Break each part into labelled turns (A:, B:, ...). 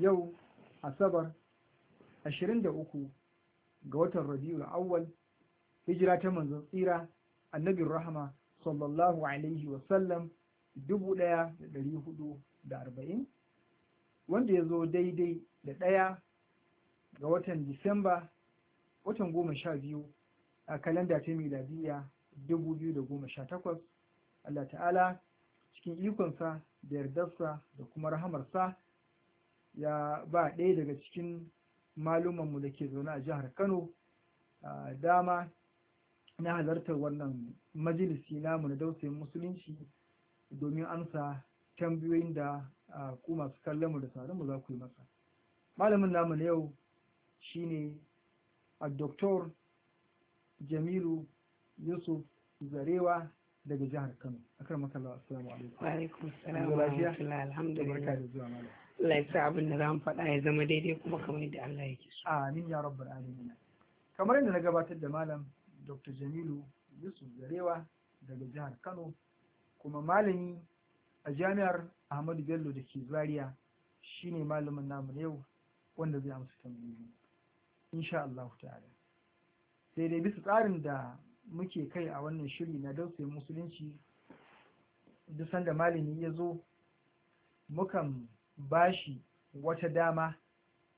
A: yau asabar 23 ga watan rabiul awwal hijira ta manzon tsira annabin rahama sallallahu alaihi da 1440 wanda ya zo daidai da ɗaya ga watan disamba watan goma sha biyu a kalanda ta sha 2018 Allah ta'ala cikin ikonsa da yardarsa da kuma rahamarsa ya ba ɗaya daga cikin malumanmu da ke zaune a jihar kano dama na halartar wannan majalisi namu na dausayin musulunci domin amsa tambayoyin da ku masu kallon mu da sauran mu za ku yi masa malamin namu na yau shine a Dr. Jamilu Yusuf Zarewa
B: daga jihar Kano akar makalla assalamu alaikum wa alaikum assalam wa rahmatullahi alhamdulillah Allah ya sa abin da zamu faɗa ya zama daidai kuma kamar yadda Allah yake so amin ya rabbal alamin
A: kamar yadda na gabatar da malam Dr. Jamilu Yusuf Zarewa daga jihar Kano kuma malami a jami'ar Ahmadu Bello da ke Zaria shine malamin namu yau wanda zai amsa tambayoyi insha Allah ta'ala sai dai bisa tsarin da muke kai a wannan shiri na dausayin musulunci duk sanda malami ya zo mukan bashi wata dama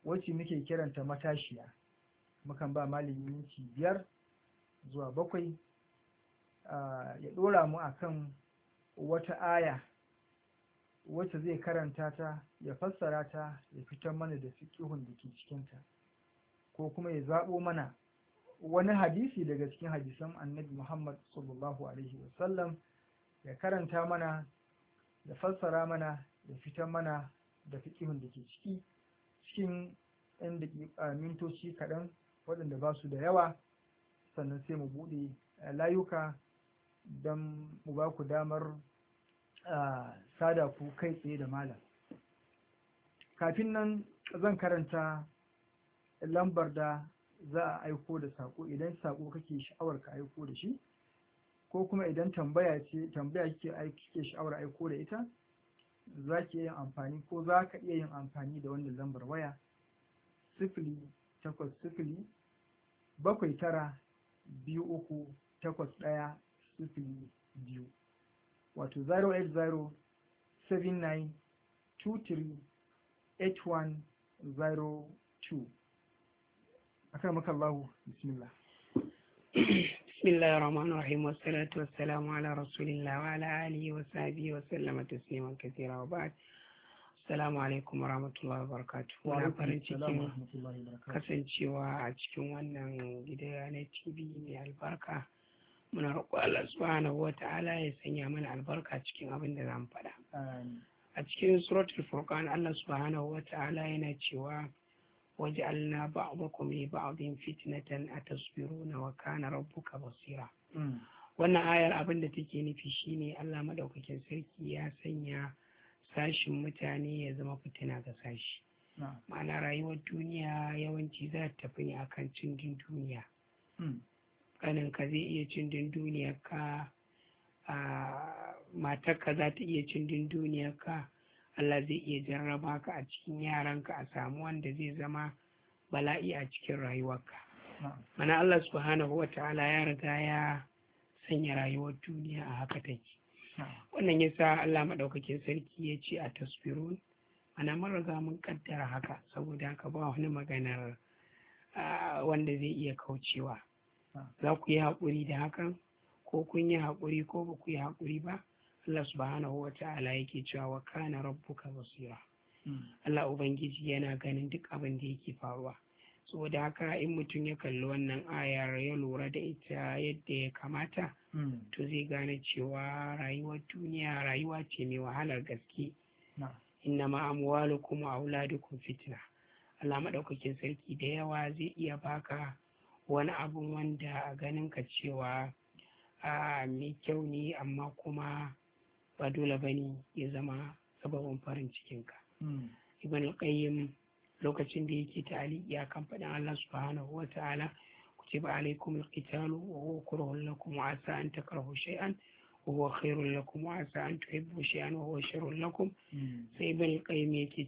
A: wacce muke kiranta matashiya mukan ba malami minti biyar zuwa bakwai ya ɗora mu akan wata aya wacce zai karanta ta ya fassara ta ya fitar mana da fikihun da ke cikinta ko kuma ya zaɓo mana wani hadisi daga cikin hadisan annabi Muhammad sallallahu alaihi wasallam ya karanta mana da fassara mana da fitar mana da fiƙihun da ke ciki cikin ɗan da mintoci kaɗan waɗanda ba su da yawa sannan sai mu buɗe eh, layuka don mu ba ku damar ah, sada ku kai tsaye da malam kafin nan zan karanta lambar da za a aiko da sako idan sako kake sha'awar ka aiko da shi ko kuma idan tambaya ce tambaya kike kike sha'awar aiko da ita za ki yin amfani ko za ka iya yin amfani da wannan lambar waya sifili takwas sifili bakwai tara biyu uku takwas ɗaya sifili biyu wato 080 79
B: 23 8102 maka Allah bismillah bismillahir rahmanir rahim wassalatu wassalamu ala rasulillahi wa ala alihi wa sahbihi wa sallama tasliman katira wa ba'd Assalamu alaikum warahmatullahi wabarakatuh. Muna farin cikin kasancewa a cikin wannan gida na TV mai albarka. Muna roƙo Allah subhanahu wa ta'ala ya sanya mana albarka cikin abin da zamu faɗa. A cikin suratul Furqan Allah subhanahu wa ta'ala yana cewa waj'alna ba'dakum li ba'din fitnatan na waka, na rabbuka basira wannan ayar abin da take nufi shine Allah madaukakin sarki ya sanya sashin mutane ya zama fitina ga sashi ma'ana rayuwar duniya yawanci za ta tafi ne akan cin duniya kanin ka zai iya cin duniya ka matar ka za ta iya cin duniya ka Allah zai iya jarraba ka a cikin yaranka a samu wanda zai zama bala'i a cikin rayuwarka mana Allah subhanahu wa ta'ala ya riga ya sanya rayuwar duniya a haka take wannan ya sa Allah maɗaukakin sarki ya ce a taswirun Mana mun riga mun ƙaddara haka saboda haka ba wani maganar wanda zai iya kaucewa za ku yi haƙuri da hakan ko kun yi haƙuri ko ba ku yi haƙuri ba Allah subhanahu wa ta'ala yake cewa wa kana rabbuka basira Allah ubangiji yana ganin duk abin da yake faruwa saboda haka in mutum ya kalli wannan ayar ya lura da ita yadda ya kamata hmm. to zai gane cewa rayuwar duniya rayuwa ce mai wahalar gaske ma amwalukum wa auladukum fitna Allah madaukakin sarki da yawa zai iya baka wani abun wanda a ganin ka cewa a ah, mai kyau ne amma kuma ba dole ba bane ya zama sababin farin cikinka hmm. ibn al lokacin da yake ta'ali ya kan faɗin Allah subhanahu wa ta'ala ku ba alaikum al-qital wa huwa kurhun lakum wa asa an takrahu shay'an wa huwa khairun lakum wa asa an tuhibbu shay'an wa huwa sharrun lakum hmm. sai ibn al-qayyim yake